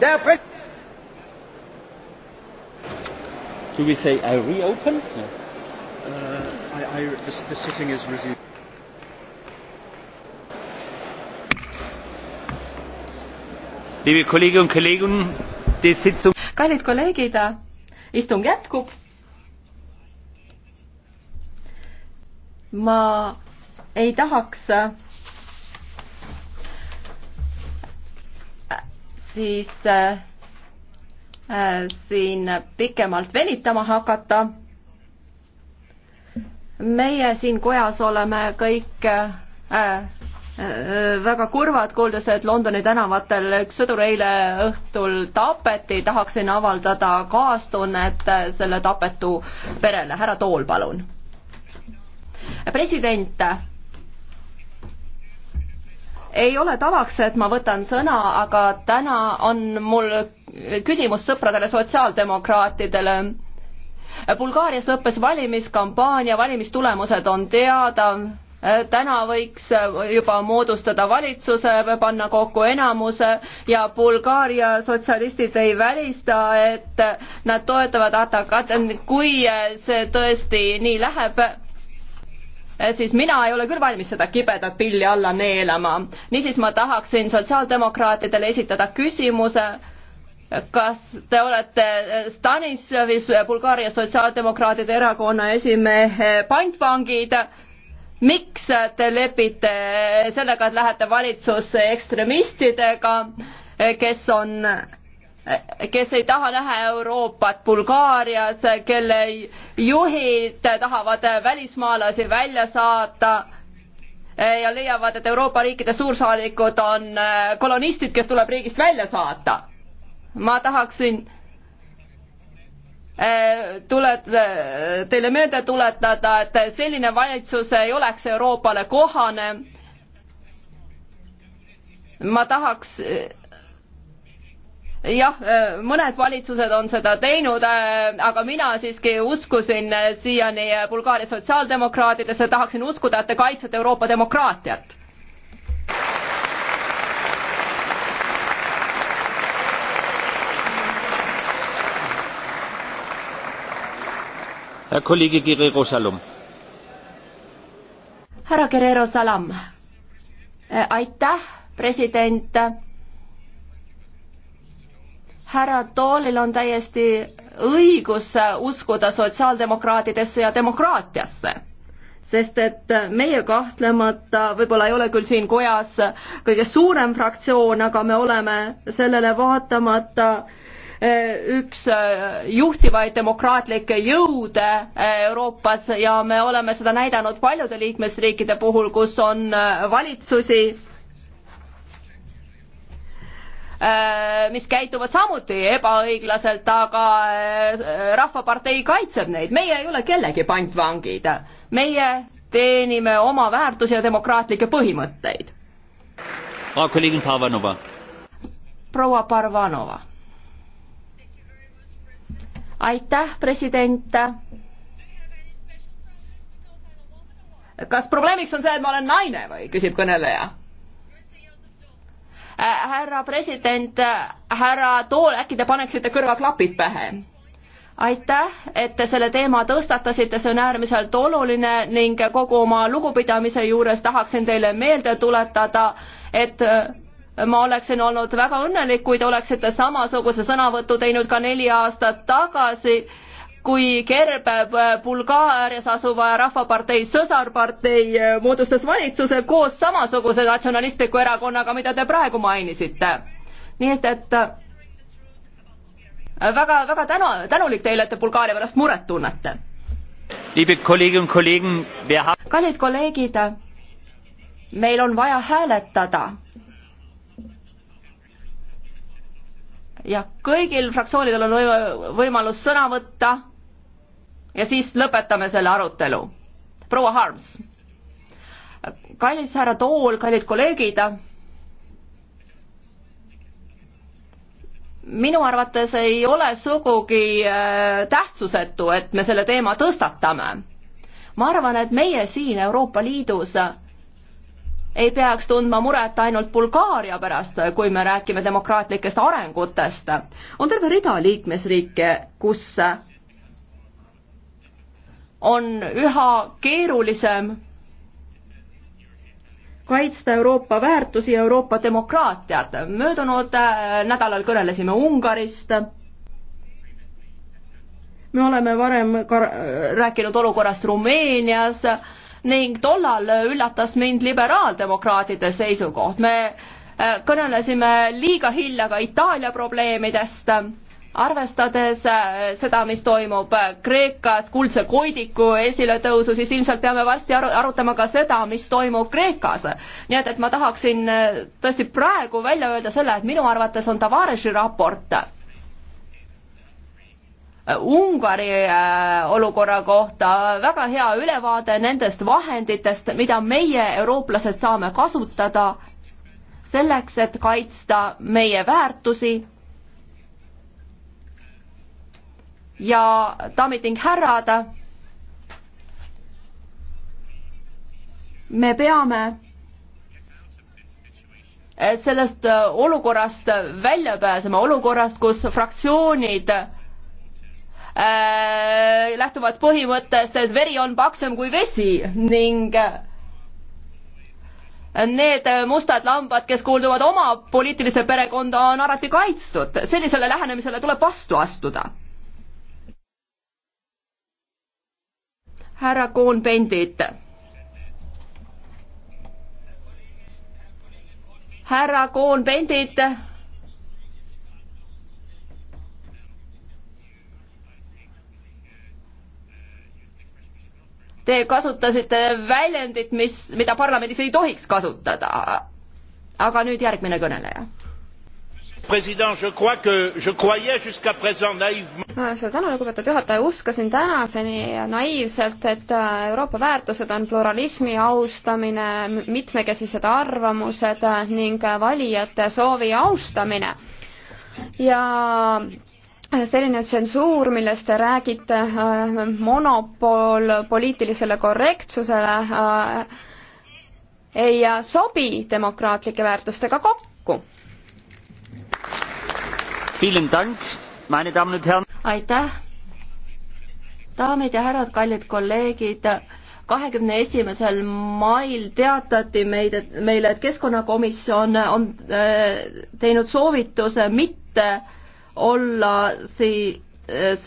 Der Präsident. Do we say I reopen? No. Uh, I, I, the, the sitting is resumed. Liebe Kolleginnen und Kollegen, die Sitzung. Kallid kolleegid, istung jätkub. ma ei tahaks siis äh, äh, siin pikemalt venitama hakata. meie siin kojas oleme kõik äh, väga kurvad, kuuldes, et Londoni tänavatel üks sõdur eile õhtul tapeti, tahaksin avaldada kaastunnet selle tapetu perele. härra Tool, palun. president ei ole tavaks, et ma võtan sõna, aga täna on mul küsimus sõpradele sotsiaaldemokraatidele. Bulgaarias lõppes valimiskampaania, valimistulemused on teada. täna võiks juba moodustada valitsuse, panna kokku enamuse ja Bulgaaria sotsialistid ei välista, et nad toetavad Atakat, kui see tõesti nii läheb Eh, siis mina ei ole küll valmis seda kibedat pilli alla neelama. niisiis ma tahaksin sotsiaaldemokraatidele esitada küsimuse, kas te olete eh, Stanisłavis, Bulgaaria Sotsiaaldemokraatide Erakonna esimehe pantvangid, miks te lepite eh, sellega, et lähete valitsusse ekstremistidega, kes on kes ei taha näha Euroopat Bulgaarias, kelle juhid tahavad välismaalasi välja saata ja leiavad, et Euroopa riikide suursaadikud on kolonistid, kes tuleb riigist välja saata. ma tahaksin eh, tuled, teile meelde tuletada, et selline valitsus ei oleks Euroopale kohane. ma tahaks jah, mõned valitsused on seda teinud, äh, aga mina siiski uskusin äh, siiani äh, Bulgaaria sotsiaaldemokraatidesse, tahaksin uskuda, et te kaitsete Euroopa demokraatiat. härra Guerrero Salam, aitäh, president härra Toolil on täiesti õigus uskuda sotsiaaldemokraatidesse ja demokraatiasse sest et meie kahtlemata võib-olla ei ole küll siin kojas kõige suurem fraktsioon, aga me oleme sellele vaatamata eh, üks eh, juhtivaid demokraatlikke jõude eh, Euroopas ja me oleme seda näidanud paljude liikmesriikide puhul, kus on valitsusi, Äh, mis käituvad samuti ebaõiglaselt, aga äh, Rahvapartei kaitseb neid, meie ei ole kellegi pantvangid. meie teenime oma väärtusi ja demokraatlikke põhimõtteid. proua Parvanova. aitäh, president kas probleemiks on see, et ma olen naine või, küsib kõneleja Äh, härra president, härra Tool, äkki te paneksite kõrvaklapid pähe? aitäh, et te selle teema tõstatasite, see on äärmiselt oluline ning kogu oma lugupidamise juures tahaksin teile meelde tuletada, et äh, ma oleksin olnud väga õnnelik, kui te oleksite samasuguse sõnavõtu teinud ka neli aastat tagasi kui Kerbe äh, Bulgaarias asuva Rahvapartei sõsarpartei äh, moodustas valitsuse koos samasuguse natsionalistliku erakonnaga, mida te praegu mainisite. nii et, et äh, väga, väga tänu, tänulik teile, et te Bulgaaria pärast muret tunnete. kallid kolleegid, meil on vaja hääletada ja kõigil fraktsioonidel on võimalus sõna võtta ja siis lõpetame selle arutelu. proua Harms. kallis härra Tool, kallid kolleegid. minu arvates ei ole sugugi äh, tähtsusetu, et me selle teema tõstatame. ma arvan, et meie siin Euroopa Liidus ei peaks tundma muret ainult Bulgaaria pärast, kui me räägime demokraatlikest arengutest. on terve rida liikmesriike, kus on üha keerulisem kaitsta Euroopa väärtusi ja Euroopa demokraatiat. möödunud äh, nädalal kõnelesime Ungarist. me oleme varem ka äh, rääkinud olukorrast Rumeenias ning tollal üllatas mind liberaaldemokraatide seisukoht. me äh, kõnelesime liiga hilja ka Itaalia probleemidest, arvestades äh, seda, mis toimub äh, Kreekas, kuldse koidiku esiletõusu, siis ilmselt peame varsti aru, arutama ka seda, mis toimub Kreekas. nii et, et ma tahaksin tõesti praegu välja öelda selle, et minu arvates on Tavaresi raport Äh, Ungari äh, olukorra kohta, väga hea ülevaade nendest vahenditest, mida meie, eurooplased, saame kasutada selleks, et kaitsta meie väärtusi. ja daamid ning härrad, me peame äh, sellest olukorrast välja pääsema, olukorrast, kus fraktsioonid Äh, lähtuvad põhimõttest, et veri on paksem kui vesi ning need mustad lambad, kes kuuluvad oma poliitilisse perekonda, on alati kaitstud. sellisele lähenemisele tuleb vastu astuda. härra Kohn-Pendit. härra Kohn-Pendit Te kasutasite väljendit, mis, mida parlamendis ei tohiks kasutada. aga nüüd järgmine kõneleja. president, je crois que je croyais jusqu'à présent naïvement ah, suur tänu, lugupeetud juhataja, uskusin tänaseni naiivselt, et äh, Euroopa väärtused on pluralismi austamine, mitmekesised arvamused äh, ning äh, valijate soovi austamine. ja selline tsensuur, millest te räägite, äh, monopol poliitilisele korrektsusele äh, ei sobi demokraatlike väärtustega kokku. aitäh. daamid ja härrad, kallid kolleegid kahekümne esimesel mail teatati meid, et meile, et keskkonnakomisjon on äh, teinud soovituse mitte olla siis